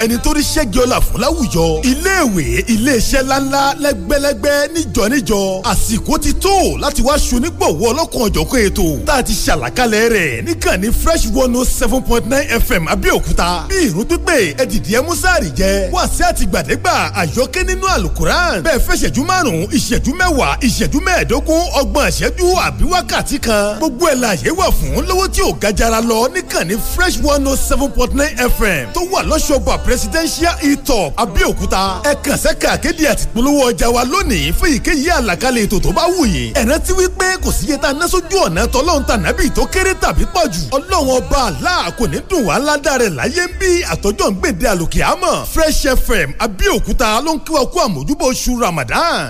ẹni tó rí ṣẹ́gi ọlá fún láwùjọ iléèwé iléeṣẹ́ ńláńlá lẹ́gbẹ́lẹ́gbẹ́ níjọ níjọ àsìkò ti tó láti wá ṣonígbọ̀wọ́ ọlọ́kan ọ̀jọ̀kan ètò tá a ti ṣàlàkalẹ̀ rẹ̀ níkànnì fresh one oh seven point nine fm abẹ́òkúta bí ìrún pípé ẹ̀dìdì ẹ̀músàárì jẹ́ wá sí àtìgbàdégbà àyọkẹ́ nínú alukuran bẹ́ẹ̀ fẹ́ ṣẹ́jú márùn-ún ìṣẹ́jú mẹ́wàá ìṣẹ́jú mẹ́ẹ̀ẹ́dógún ọgbọ̀n ìṣẹ́jú àbí wákàtí kan gbogbo ẹ̀ la yẹ wà fún lọ́wọ́ tí ò fresh one oh seven point nine fm tó wà lọ́sọ̀gbọ̀ presidential etop Abẹ́òkúta ẹ kàn sẹ́ka akéde àti polówó ọjà wa lónìí fún ìkéyìí àlàkalẹ̀ ètò tó bá wù yín ẹ rántí wípé kò síye tá a ná sójú ọ̀nà tọ́lọ́hún tà nábì tó kéré tàbí pọ̀ jù ọlọ́run ọba àlá kò ní dùn wá ládàá rẹ̀ láyé ń bí àtọ́jọ́ ń gbèdé àlòkè àmọ́ Fresh FM Abẹ́òkúta ló ń kí wa kú àmójúbọ̀ oṣù Ramadan.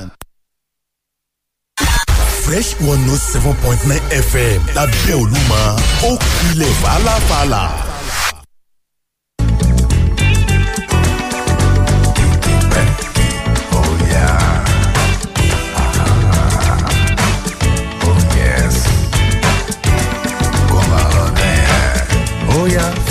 Fresh one note oh seven point nine FM lábẹ́ Olúmọ ó kilẹ̀ fàlàfàlà. yeah.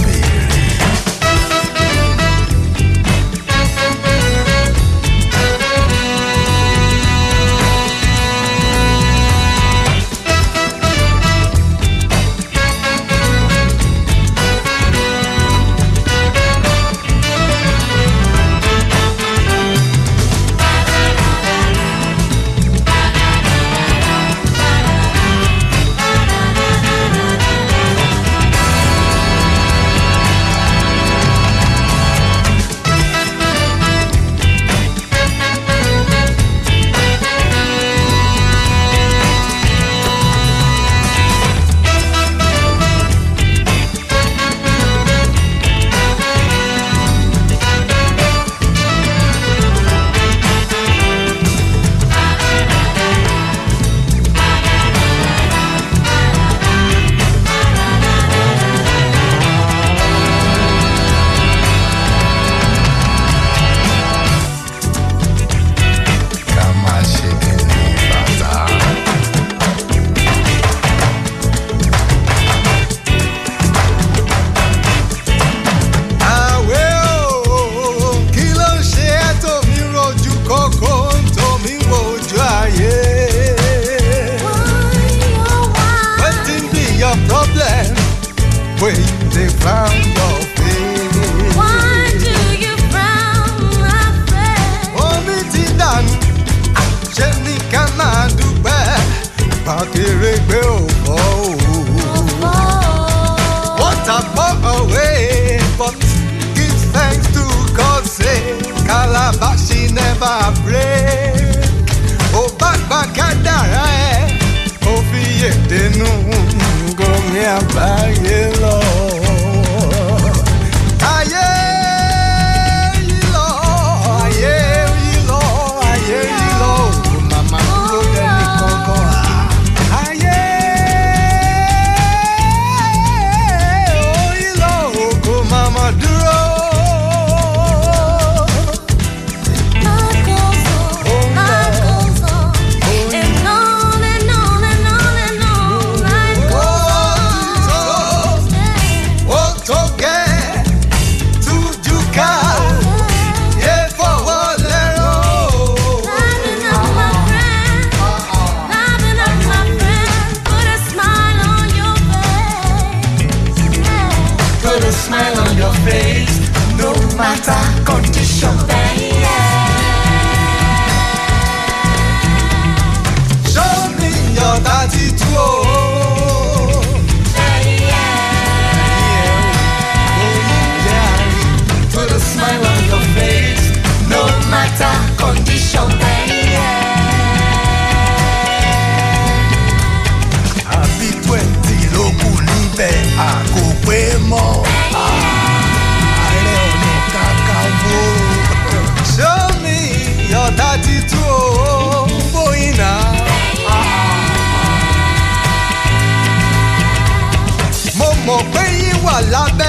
way they frown your face. Why do you frown, my friend? Omi ti dànù, ṣé ní ká máa dúpẹ́? Pàkèrè but give thanks to God say, never break. bá fi you. mọ̀ pé yín wà lábẹ́.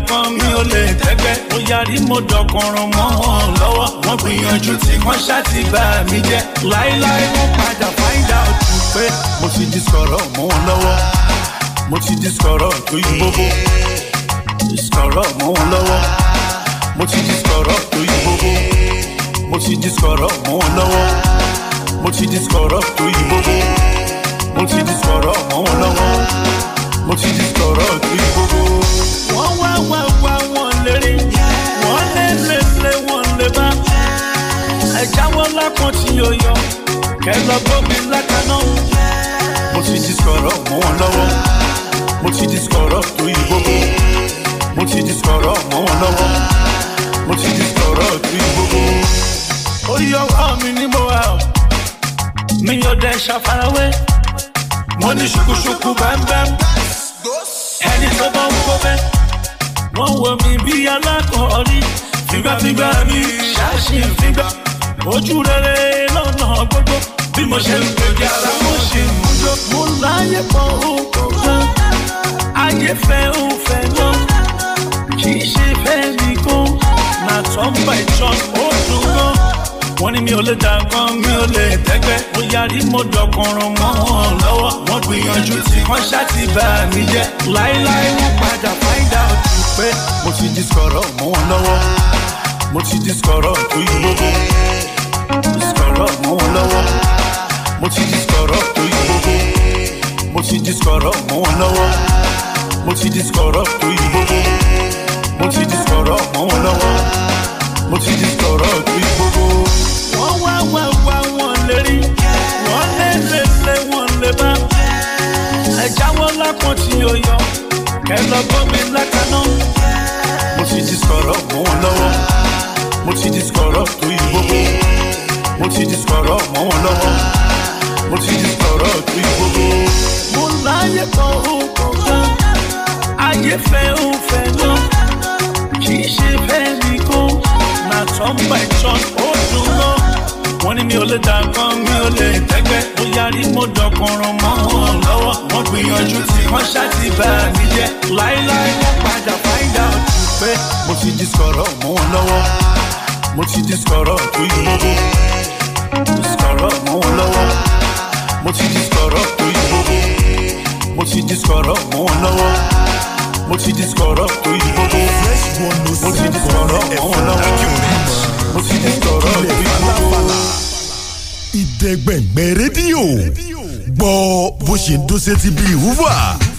kan mi ò lè tẹ́gbẹ́ ó yarí mo dọ̀kọ̀rọ̀ mọ́ wọn lọ́wọ́ wọ́n gbìyànjú tí wọ́n ṣáàtì bá mi jẹ́ láéláé wọ́n padà find out pé mo ti di sọ̀rọ̀ mọ́ wọn lọ́wọ́ mo ti di sọ̀rọ̀ tó yí gbogbo sọ̀rọ̀ mọ́ wọn lọ́wọ́ mo ti di sọ̀rọ̀ tó yí gbogbo mo ti di sọ̀rọ̀ mọ́ wọn lọ́wọ́ mo ti di sọ̀rọ̀ tó yí gbogbo mo ti di sọ̀rọ̀ mọ́ wọn lọ́wọ́ mo ti di sọ̀rọ̀ tó yí gbogbo wọ́n wá wá wá wọ́n lérí wọ́n lé lé lé wọ́n lé bá ẹ̀jáwọ́ lápọ̀ tí yóò yọ kẹlọ gbóbi lákaná mo ti di sọ̀rọ̀ mọ́ wọn lọ́wọ́ mo ti di sọ̀rọ̀ tó yí gbogbo mo ti di sọ̀rọ̀ mọ́ wọn lọ́wọ́ mo ti di sọ̀rọ̀ tó yí gbogbo ó yọ wá mi ní mo wá mi ò dẹ̀ ṣàfarawé mo ní ṣùkúṣùkú bámbám ẹni tó bá wọ́n wo mi bí alákọ̀ọ́rí fígbàfígbà mi ṣáṣì fígbà ojú rere lọ́nà gbogbo bí mo ṣe ń gbèjà ara mo ṣe ń múlò. mo láyé kan ó kò gan ayé fẹ́ ó fẹ́ náà kì í ṣe fẹ́ mi kó na turn by turn ó dùn gan. wọ́n ní mi ò lè dàgbọ́n mi ò lè tẹ́gbẹ́ mo yarí mo dọ̀kùnrún mọ́ wọn lọ́wọ́ wọ́n gbìyànjú tí wọ́n ṣá ti bà mí jẹ́ láéláé wọ́n padà find out pé mo ti di sọ̀rọ̀ mọ́ wọn lọ́wọ́ mo ti di sọ̀rọ̀ tó yí gbogbo sọ̀rọ̀ mọ́ wọn lọ́wọ́ mo ti di sọ̀rọ̀ tó yí gbogbo mo ti di sọ̀rọ̀ mọ́ wọn lọ́wọ́ mo ti di sọ̀rọ̀ tó yí gbogbo mo ti di sọ̀rọ̀ mọ́ wọn lọ́wọ́ mo ti di sọ̀rọ̀ tó yí gbogbo. wọ́n wá wá wá wọn lè rí wọ́n lè lè lè wọ́n lè bá ẹ̀jáwọ́ lápọ̀ tí yóò yọ kẹ́ lọ gómìnà. sọ̀rọ̀ tó yí gbogbo mo ti di sọ̀rọ̀ mọ́ wọn lọ́wọ́ mo ti di sọ̀rọ̀ tó yí gbogbo. mo láyé kan ó kàn gan ayé fẹ́ ó fẹ́ gan kì í ṣe fẹ́ nìkan na turn by turn ó dùn gan wọ́n ní mi ò lè dà kan mi ò lè tẹ́gbẹ́ mo yarí mo dọ̀kọ̀ràn mọ́ wọn lọ́wọ́ wọ́n gbìyànjú tí wọ́n ṣá bá a níjẹ́ láéláé wọ́n padà find out pé mo ti di sọ̀rọ̀ mọ́ wọn lọ́wọ́ mo ti di sọ̀rọ̀ tó yí sọ̀rọ̀ mọ́ wọn lọ́wọ́ mo ti di sọ̀rọ̀ tó yí mo ti di sọ̀rọ̀ mọ́ wọn lọ́wọ́ mo ti di sọ̀rọ̀ tó yí mo ti di sọ̀rọ̀ mọ́ wọn lọ́wọ́ mo ti di sọ̀rọ̀ tó yí ìdẹ́gbẹ̀gbẹ̀ rédíò gbọ́ bó ṣe ń dún sétí bíi wúwà.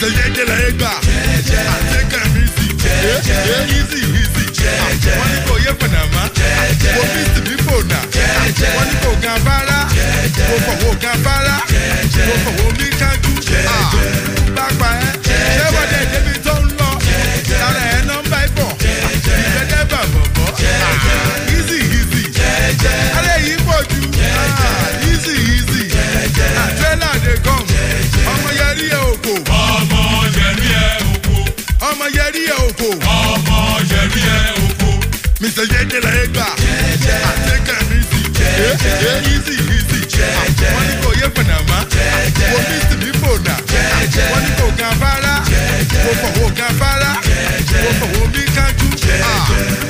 ṣe jẹ́jẹ́ lẹ́yìn gbà. Jẹ́jẹ́. Àtẹ́kàn mi sì. Jẹ́jẹ́. Easy easy. Jẹ́jẹ́. Wọ́n ní kò yẹ Pànàmá. Jẹ́jẹ́. Wo bí sì bí fòdà. Jẹ́jẹ́. Wọ́n ní kò gan bára. Jẹ́jẹ́. Wo fọ̀wọ́ gan bára. Jẹ́jẹ́. Wo fọ̀wọ́ mi kájú. Jẹ́jẹ́. Bá pa ẹ́. Mr. Yedela Egba. I take an easy. Yeah, easy, easy. I want to go here for Nama. I want to be for I want to go Gambara. Go for Gambara. Go for Wobi Kanju. Ah.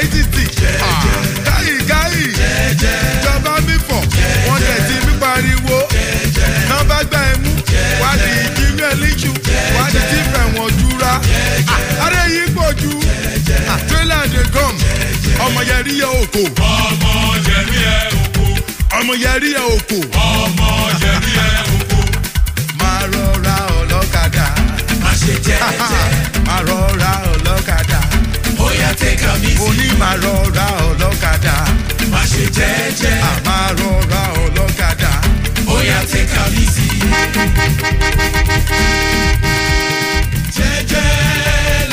ètìtì káyì káyì ìjọba mífọ̀ wọ́n tẹ̀sí mi pariwo náà bá gbà ẹ mú wádìí ìjírí ẹlẹ́jù wádìí tí fẹ̀wọ̀n jura àárẹ̀ yìí pọ̀ ju trailer and the gum ọmọ yẹrí yẹ òkò. ọmọ yẹrí yẹ òkò. ọmọ yẹrí yẹ òkò. ọmọ yẹrí yẹ òkò. máa rọra ọlọ́kadà. má ṣe jẹ́jẹ́. máa rọra ọlọ́kadà take am easy. ra ọlọ́kadà. má ṣe jẹ́jẹ́. ra ọlọ́kadà. bóyá take am easy. jẹ́jẹ́.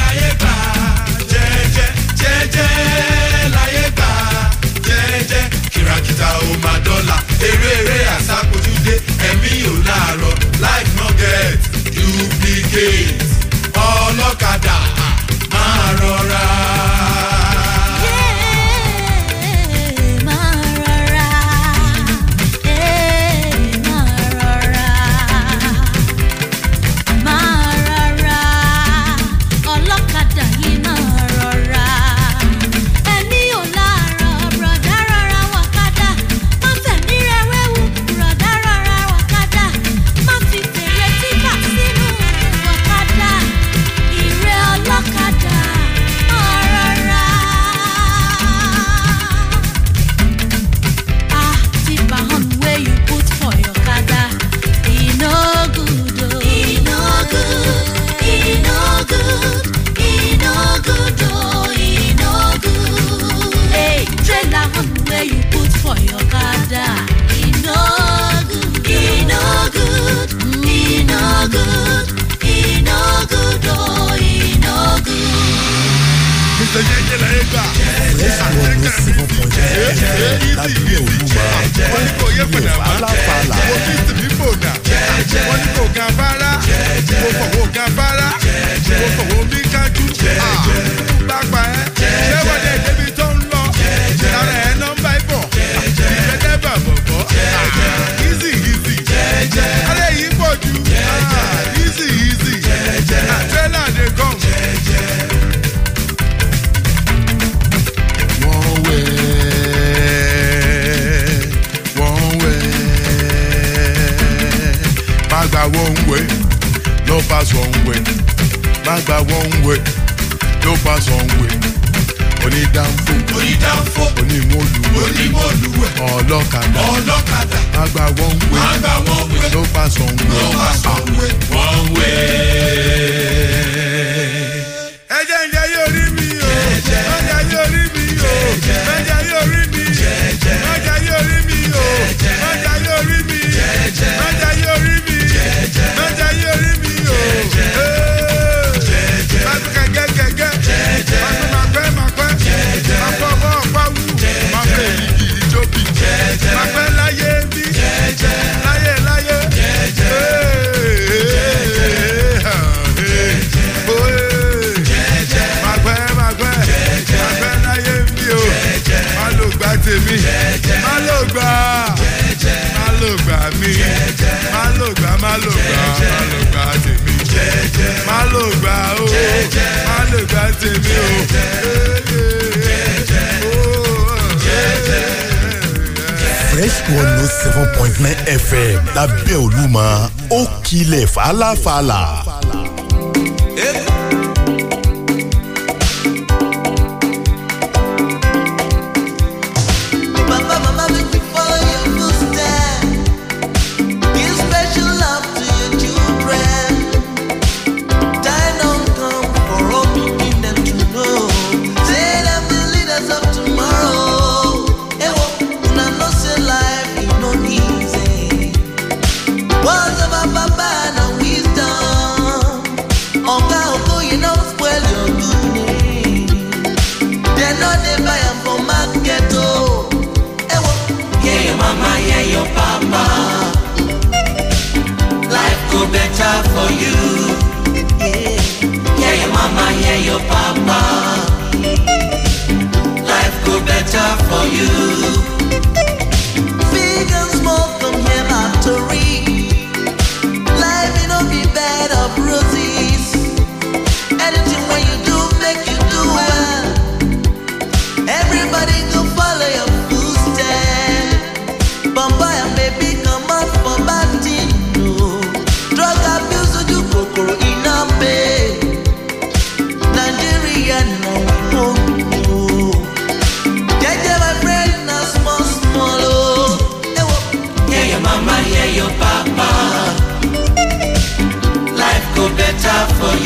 ilẹ̀ ẹgbà. praise and worship ní sìnkú pọ̀jẹ́ lábílẹ̀ olúwa wọ́n ní kò yẹ pẹ̀lẹ́ àmọ́ mo fi tìbí bòdà wọ́n ní kò ga bára mo fọ̀wọ́ ga bára mo fọ̀wọ́ mi kájú àgbà ẹ̀ ṣé wọ́n dẹ̀ débi one way, no pass one way. Má by one way, no pass one way. down, down, Onídàáfò, onídàáfò, onímọ̀lù, onímọ̀lù, ọlọ́kadà, ọlọ́kadà. Má gba one way, má by one way, no pass one way, no pass one way, one way. Ẹ̀jẹ̀ ń jẹ́ yóò rí mi o, ẹ̀jẹ̀ ń jẹ́ yóò rí mi o, ẹ̀jẹ̀. gbà má ló gbà mí má ló gbà má ló gbà má ló gbà tèmi má ló gbà ó má ló gbà tèmi ó. Fresh one note oh seven point nine FM lábẹ́ Olúmọ ó kilẹ̀ fàlàfàlà. for you. for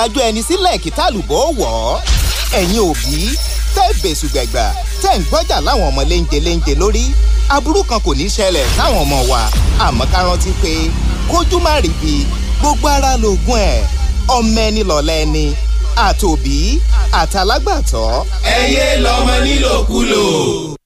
lajú ẹni sílẹ̀ kìtà lùbọ́ wọ̀ ọ́ ẹ̀yin òbí tẹ́ bẹ̀sù gbẹ̀gbà tẹ́ ń gbọ́jà láwọn ọmọ léńjẹ léńjẹ lórí aburú kan kò ní ṣẹlẹ̀ láwọn ọmọ wa àmọ́ ká rántí pé kójú má rí bi gbogbo ara lògùn ẹ̀ ọmọ ẹni lọ̀lẹ́ ẹni àtòbí àtàlágbàtọ́. ẹ lọmọ nílòkulò.